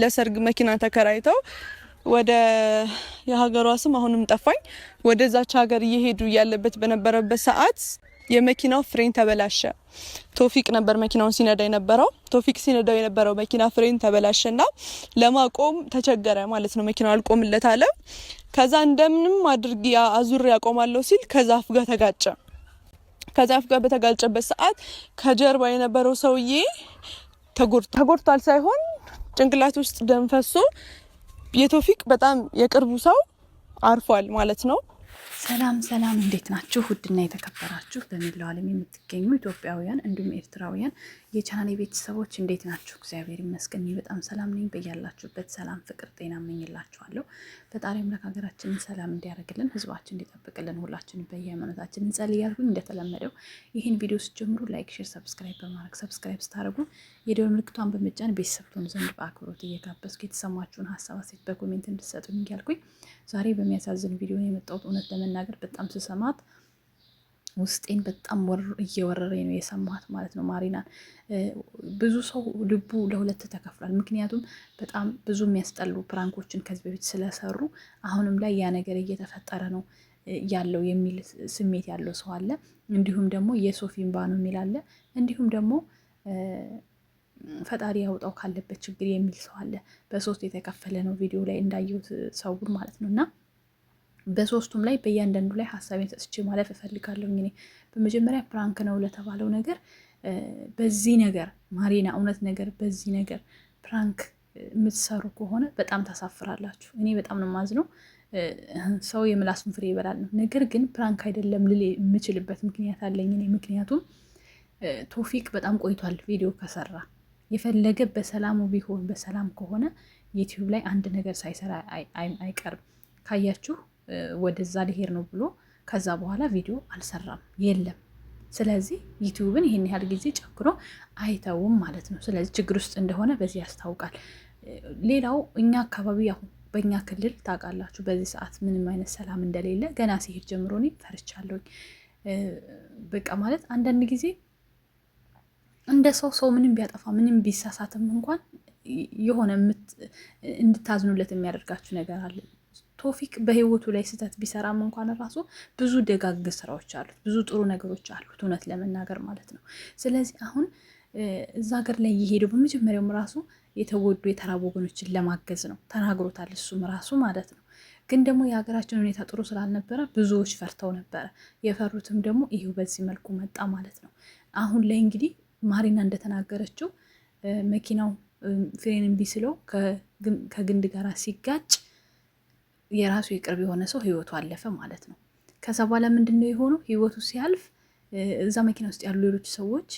ለሰርግ መኪና ተከራይተው ወደ የሀገሯ ስም አሁንም ጠፋኝ፣ ወደዛች ሀገር እየሄዱ እያለበት በነበረበት ሰዓት የመኪናው ፍሬን ተበላሸ። ቶፊቅ ነበር መኪናውን ሲነዳ የነበረው። ቶፊቅ ሲነዳው የነበረው መኪና ፍሬን ተበላሸ ና ለማቆም ተቸገረ ማለት ነው። መኪናው አልቆምለት አለ። ከዛ እንደምንም አድርግ አዙር ያቆማለሁ ሲል ከዛፍ ጋር ተጋጨ። ከዛፍ ጋር በተጋጨበት ሰዓት ከጀርባ የነበረው ሰውዬ ተጎድቷል ሳይሆን ጭንቅላት ውስጥ ደም ፈሶ የቶፊቅ በጣም የቅርቡ ሰው አርፏል ማለት ነው። ሰላም ሰላም፣ እንዴት ናችሁ? ውድና የተከበራችሁ በመላው ዓለም የምትገኙ ኢትዮጵያውያን እንዲሁም ኤርትራውያን የቻናሌ ቤተሰቦች እንዴት ናችሁ? እግዚአብሔር ይመስገን በጣም ሰላም ነኝ። በያላችሁበት ሰላም፣ ፍቅር፣ ጤና እመኝላችኋለሁ። ፈጣሪ አምላክ ሀገራችንን ሰላም እንዲያደርግልን፣ ህዝባችን እንዲጠብቅልን ሁላችን በየሃይማኖታችን እንጸልይ እያልኩኝ እንደተለመደው ይህን ቪዲዮ ስትጀምሩ ላይክ፣ ሼር፣ ሰብስክራይብ በማድረግ ሰብስክራይብ ስታደርጉ የደወል ምልክቷን በመጫን ቤተሰብ ትሆኑ ዘንድ በአክብሮት እየጋበዝኩ የተሰማችሁን ሀሳብ አሴት በኮሜንት እንድትሰጡኝ እያልኩኝ ዛሬ በሚያሳዝን ቪዲዮ የመጣሁት እውነት ለመናገር በጣም ስሰማት ውስጤን በጣም እየወረረ ነው የሰማት ማለት ነው ማሪናን። ብዙ ሰው ልቡ ለሁለት ተከፍሏል። ምክንያቱም በጣም ብዙ የሚያስጠሉ ፕራንኮችን ከዚህ በፊት ስለሰሩ አሁንም ላይ ያ ነገር እየተፈጠረ ነው ያለው የሚል ስሜት ያለው ሰው አለ። እንዲሁም ደግሞ የሶፊን ባኑ የሚል አለ። እንዲሁም ደግሞ ፈጣሪ ያውጣው ካለበት ችግር የሚል ሰው አለ። በሶስት የተከፈለ ነው ቪዲዮ ላይ እንዳየሁት ሰው ማለት ነው እና በሶስቱም ላይ በእያንዳንዱ ላይ ሀሳቤን ሰጥቼ ማለፍ እፈልጋለሁ። እኔ በመጀመሪያ ፕራንክ ነው ለተባለው ነገር በዚህ ነገር ማሪና እውነት ነገር በዚህ ነገር ፕራንክ የምትሰሩ ከሆነ በጣም ታሳፍራላችሁ። እኔ በጣም ነው የማዝነው። ሰው የምላሱን ፍሬ ይበላል ነው። ነገር ግን ፕራንክ አይደለም ልል የምችልበት ምክንያት አለኝ እኔ። ምክንያቱም ቶፊቅ በጣም ቆይቷል ቪዲዮ ከሰራ የፈለገ በሰላሙ ቢሆን በሰላም ከሆነ ዩቲዩብ ላይ አንድ ነገር ሳይሰራ አይቀርም። ካያችሁ ወደዛ ልሄድ ነው ብሎ ከዛ በኋላ ቪዲዮ አልሰራም የለም። ስለዚህ ዩቲዩብን ይህን ያህል ጊዜ ጨክሮ አይተውም ማለት ነው። ስለዚህ ችግር ውስጥ እንደሆነ በዚህ ያስታውቃል። ሌላው እኛ አካባቢ አሁን በእኛ ክልል ታውቃላችሁ፣ በዚህ ሰዓት ምንም አይነት ሰላም እንደሌለ ገና ሲሄድ ጀምሮ እኔ ፈርቻለሁኝ። በቃ ማለት አንዳንድ ጊዜ እንደ ሰው ሰው ምንም ቢያጠፋ ምንም ቢሳሳትም እንኳን የሆነ እንድታዝኑለት የሚያደርጋችሁ ነገር አለ። ቶፊቅ በህይወቱ ላይ ስህተት ቢሰራም እንኳን ራሱ ብዙ ደጋግ ስራዎች አሉት፣ ብዙ ጥሩ ነገሮች አሉት፣ እውነት ለመናገር ማለት ነው። ስለዚህ አሁን እዛ ሀገር ላይ እየሄደው በመጀመሪያውም ራሱ የተወዱ የተራቡ ወገኖችን ለማገዝ ነው፣ ተናግሮታል እሱም ራሱ ማለት ነው። ግን ደግሞ የሀገራችን ሁኔታ ጥሩ ስላልነበረ ብዙዎች ፈርተው ነበረ። የፈሩትም ደግሞ ይህ በዚህ መልኩ መጣ ማለት ነው። አሁን ላይ እንግዲህ ማሪና እንደተናገረችው መኪናው ፍሬን ቢስለው ከግንድ ጋር ሲጋጭ የራሱ የቅርብ የሆነ ሰው ህይወቱ አለፈ ማለት ነው። ከዛ በኋላ ምንድን ነው የሆነው? ህይወቱ ሲያልፍ እዛ መኪና ውስጥ ያሉ ሌሎች ሰዎች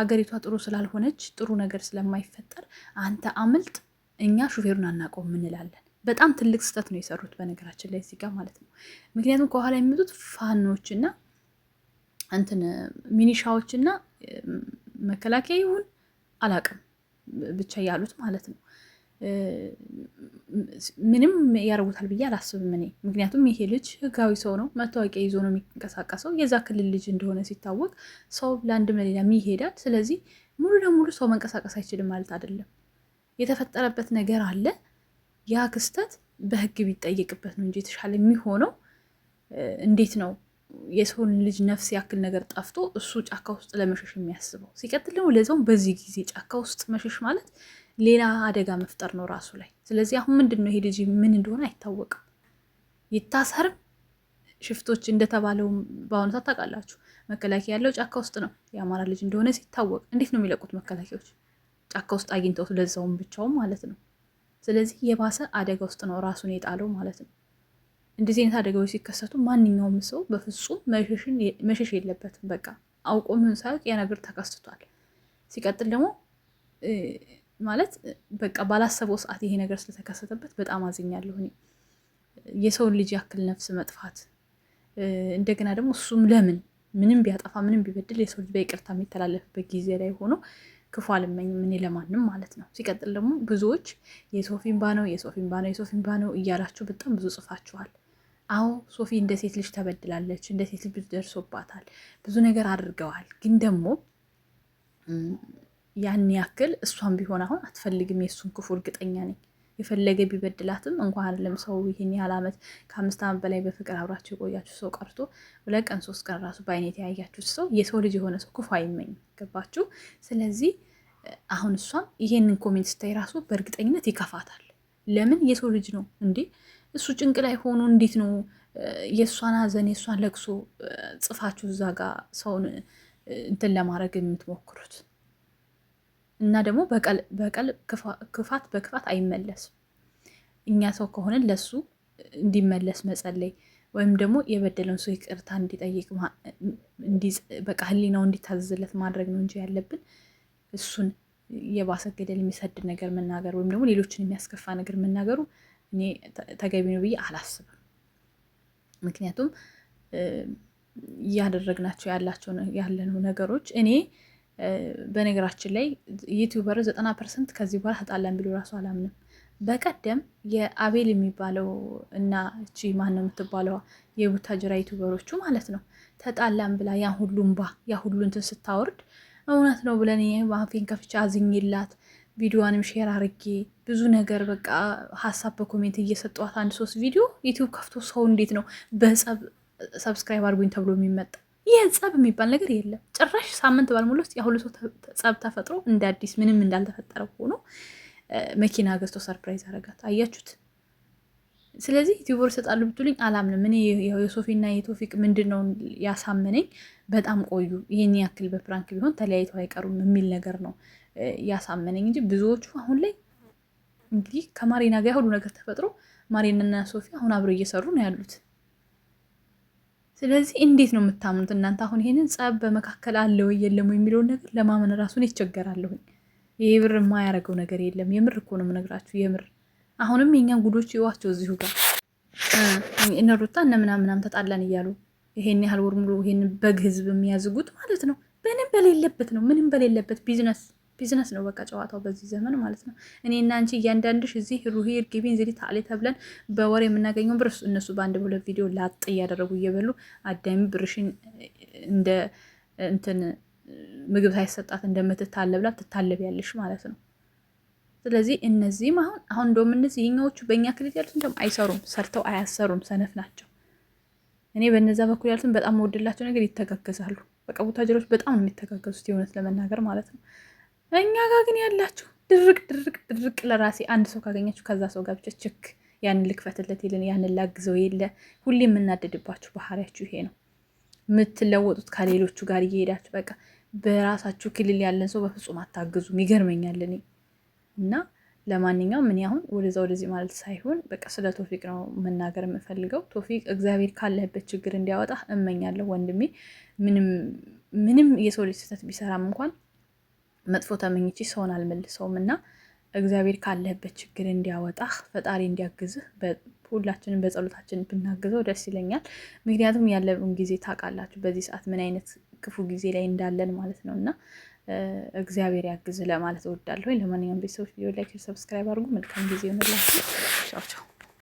አገሪቷ ጥሩ ስላልሆነች ጥሩ ነገር ስለማይፈጠር አንተ አምልጥ፣ እኛ ሹፌሩን አናውቀውም እንላለን። በጣም ትልቅ ስህተት ነው የሰሩት በነገራችን ላይ እዚህ ጋር ማለት ነው። ምክንያቱም ከኋላ የሚመጡት ፋኖችና እንትን ሚኒሻዎችና መከላከያ ይሁን አላውቅም ብቻ ያሉት ማለት ነው። ምንም ያደርጉታል ብዬ አላስብም እኔ። ምክንያቱም ይሄ ልጅ ህጋዊ ሰው ነው፣ መታወቂያ ይዞ ነው የሚንቀሳቀሰው። የዛ ክልል ልጅ እንደሆነ ሲታወቅ ሰው ለአንድም መሌላ ይሄዳል። ስለዚህ ሙሉ ለሙሉ ሰው መንቀሳቀስ አይችልም ማለት አይደለም። የተፈጠረበት ነገር አለ። ያ ክስተት በህግ ቢጠየቅበት ነው እንጂ የተሻለ የሚሆነው። እንዴት ነው የሰውን ልጅ ነፍስ ያክል ነገር ጠፍቶ እሱ ጫካ ውስጥ ለመሸሽ የሚያስበው? ሲቀጥል ደግሞ ለዛውም በዚህ ጊዜ ጫካ ውስጥ መሸሽ ማለት ሌላ አደጋ መፍጠር ነው ራሱ ላይ። ስለዚህ አሁን ምንድን ነው ይሄ ልጅ ምን እንደሆነ አይታወቅም። ይታሰርም ሽፍቶች እንደተባለው በአሁኑ ሰዓት ታውቃላችሁ፣ መከላከያ ያለው ጫካ ውስጥ ነው። የአማራ ልጅ እንደሆነ ሲታወቅ እንዴት ነው የሚለቁት መከላከያዎች? ጫካ ውስጥ አግኝተው ለዛውም ብቻውም ማለት ነው። ስለዚህ የባሰ አደጋ ውስጥ ነው ራሱን የጣለው ማለት ነው። እንደዚህ አይነት አደጋዎች ሲከሰቱ ማንኛውም ሰው በፍጹም መሸሽ የለበትም። በቃ አውቆ ምን ሳያውቅ ያ ነገር ተከስቷል። ሲቀጥል ደግሞ ማለት በቃ ባላሰበው ሰዓት ይሄ ነገር ስለተከሰተበት በጣም አዝኛለሁ። እኔ የሰውን ልጅ ያክል ነፍስ መጥፋት እንደገና ደግሞ እሱም ለምን ምንም ቢያጠፋ ምንም ቢበድል የሰው ልጅ በይቅርታ የሚተላለፍበት ጊዜ ላይ ሆኖ ክፉ አልመኝም እኔ ለማንም ማለት ነው። ሲቀጥል ደግሞ ብዙዎች የሶፊ እንባ ነው የሶፊ ነው የሶፊ ነው እያላችሁ በጣም ብዙ ጽፋችኋል። አዎ ሶፊ እንደ ሴት ልጅ ተበድላለች፣ እንደ ሴት ልጅ ብዙ ደርሶባታል፣ ብዙ ነገር አድርገዋል። ግን ደግሞ ያን ያክል እሷም ቢሆን አሁን አትፈልግም የእሱን ክፉ እርግጠኛ ነኝ። የፈለገ ቢበድላትም እንኳን አይደለም ሰው ይህን ያህል ዓመት ከአምስት ዓመት በላይ በፍቅር አብራችሁ የቆያችሁ ሰው ቀርቶ ሁለት ቀን ሶስት ቀን ራሱ በአይነት የተያያችሁት ሰው የሰው ልጅ የሆነ ሰው ክፉ አይመኝ። ገባችሁ? ስለዚህ አሁን እሷም ይሄንን ኮሜንት ስታይ ራሱ በእርግጠኝነት ይከፋታል። ለምን የሰው ልጅ ነው እንዴ? እሱ ጭንቅ ላይ ሆኖ እንዴት ነው የእሷን ሀዘን የእሷን ለቅሶ ጽፋችሁ እዛ ጋር ሰውን እንትን ለማድረግ የምትሞክሩት? እና ደግሞ በቀል ክፋት በክፋት አይመለስም። እኛ ሰው ከሆነ ለሱ እንዲመለስ መጸለይ ወይም ደግሞ የበደለውን ሰው ይቅርታ እንዲጠይቅ በቃ ሕሊናው እንዲታዘዝለት ማድረግ ነው እንጂ ያለብን እሱን የባሰ ገደል የሚሰድ ነገር መናገር ወይም ደግሞ ሌሎችን የሚያስከፋ ነገር መናገሩ እኔ ተገቢ ነው ብዬ አላስብም። ምክንያቱም እያደረግናቸው ያላቸው ያለነው ነገሮች እኔ በነገራችን ላይ ዩቲዩበር ዘጠና ፐርሰንት ከዚህ በኋላ ተጣላን ብሎ ራሱ አላምንም። በቀደም የአቤል የሚባለው እና እቺ ማን ነው የምትባለዋ የቡታጅራ ዩቲዩበሮቹ ማለት ነው ተጣላን ብላ ያ ሁሉም ባ ያ ሁሉ እንትን ስታወርድ እውነት ነው ብለን ማፌን ከፍቼ አዝኝላት ቪዲዮዋንም ሼር አርጌ ብዙ ነገር በቃ ሀሳብ በኮሜንት እየሰጠዋት አንድ ሶስት ቪዲዮ ዩቲዩብ ከፍቶ ሰው እንዴት ነው በጸብ ሰብስክራይብ አድርጉኝ ተብሎ የሚመጣ ይህ ጸብ የሚባል ነገር የለም። ጭራሽ ሳምንት ባልሞላ ውስጥ ያሁሉ ሰው ጸብ ተፈጥሮ እንደ አዲስ ምንም እንዳልተፈጠረ ሆኖ መኪና ገዝቶ ሰርፕራይዝ አረጋት። አያችሁት? ስለዚህ ዩቲዩበር ይሰጣሉ ብትሉኝ አላምንም። እኔ የሶፊና የቶፊቅ ምንድን ነው ያሳመነኝ፣ በጣም ቆዩ ይህን ያክል በፕራንክ ቢሆን ተለያይተው አይቀሩም የሚል ነገር ነው ያሳመነኝ እንጂ ብዙዎቹ አሁን ላይ እንግዲህ ከማሪና ጋር ሁሉ ነገር ተፈጥሮ ማሪናና ሶፊ አሁን አብረው እየሰሩ ነው ያሉት። ስለዚህ እንዴት ነው የምታምኑት እናንተ? አሁን ይሄንን ጸብ በመካከል አለው የለም የሚለውን ነገር ለማመን ራሱን ይቸገራለሁኝ። ይሄ ብር የማያደርገው ነገር የለም። የምር እኮ ነው የምነግራችሁ። የምር አሁንም የኛን ጉዶች ይዋቸው እዚሁ ጋር እነ ሩታ እነ ምናምናም ተጣላን እያሉ ይሄን ያህል ወር ሙሉ ይሄን በግ ህዝብ የሚያዝጉት ማለት ነው። ምንም በሌለበት ነው ምንም በሌለበት ቢዝነስ ቢዝነስ ነው በቃ ጨዋታው በዚህ ዘመን ማለት ነው። እኔ እና አንቺ እያንዳንድሽ እዚህ ሩሂ እርግቢን ዝሪ ታሌ ተብለን በወር የምናገኘው ብር እነሱ በአንድ በሁለት ቪዲዮ ላጥ እያደረጉ እየበሉ አዳሚ ብርሽን እንደ እንትን ምግብ ሳይሰጣት እንደምትታለብ ብላ ትታለቢያለሽ ማለት ነው። ስለዚህ እነዚህም አሁን አሁን እንደውም እነዚህ የኛዎቹ በእኛ ክልል ያሉት እንደውም አይሰሩም፣ ሰርተው አያሰሩም፣ ሰነፍ ናቸው። እኔ በነዛ በኩል ያሉትን በጣም መወደላቸው ነገር ይተጋገዛሉ። በቃ ቡታጀሮች በጣም ነው የሚተጋገዙት የእውነት ለመናገር ማለት ነው። እኛ ጋር ግን ያላችሁ ድርቅ ድርቅ ድርቅ። ለራሴ አንድ ሰው ካገኛችሁ ከዛ ሰው ጋር ብቻ ችክ ያንን ልክፈትለት የለን ያንን ላግዘው የለ። ሁሌ የምናደድባችሁ ባህሪያችሁ ይሄ ነው። የምትለወጡት ከሌሎቹ ጋር እየሄዳችሁ በቃ በራሳችሁ ክልል ያለን ሰው በፍጹም አታግዙም። ይገርመኛል እኔ እና ለማንኛውም እኔ አሁን ወደዛ ወደዚህ ማለት ሳይሆን በቃ ስለ ቶፊቅ ነው መናገር የምፈልገው። ቶፊቅ እግዚአብሔር ካለህበት ችግር እንዲያወጣ እመኛለሁ ወንድሜ። ምንም የሰው ልጅ ስህተት ቢሰራም እንኳን መጥፎ ተመኝቼ ሰውን አልመልሰውም እና እግዚአብሔር ካለህበት ችግር እንዲያወጣህ ፈጣሪ እንዲያግዝህ ሁላችንም በጸሎታችን ብናግዘው ደስ ይለኛል። ምክንያቱም ያለውን ጊዜ ታውቃላችሁ፣ በዚህ ሰዓት ምን አይነት ክፉ ጊዜ ላይ እንዳለን ማለት ነው እና እግዚአብሔር ያግዝ ለማለት እወዳለሁ። ለማንኛውም ቤተሰቦች ቪዲዮ ላይክ፣ ሰብስክራይብ አድርጉ። መልካም ጊዜ ይሆንላችሁ። ቻው ቻው።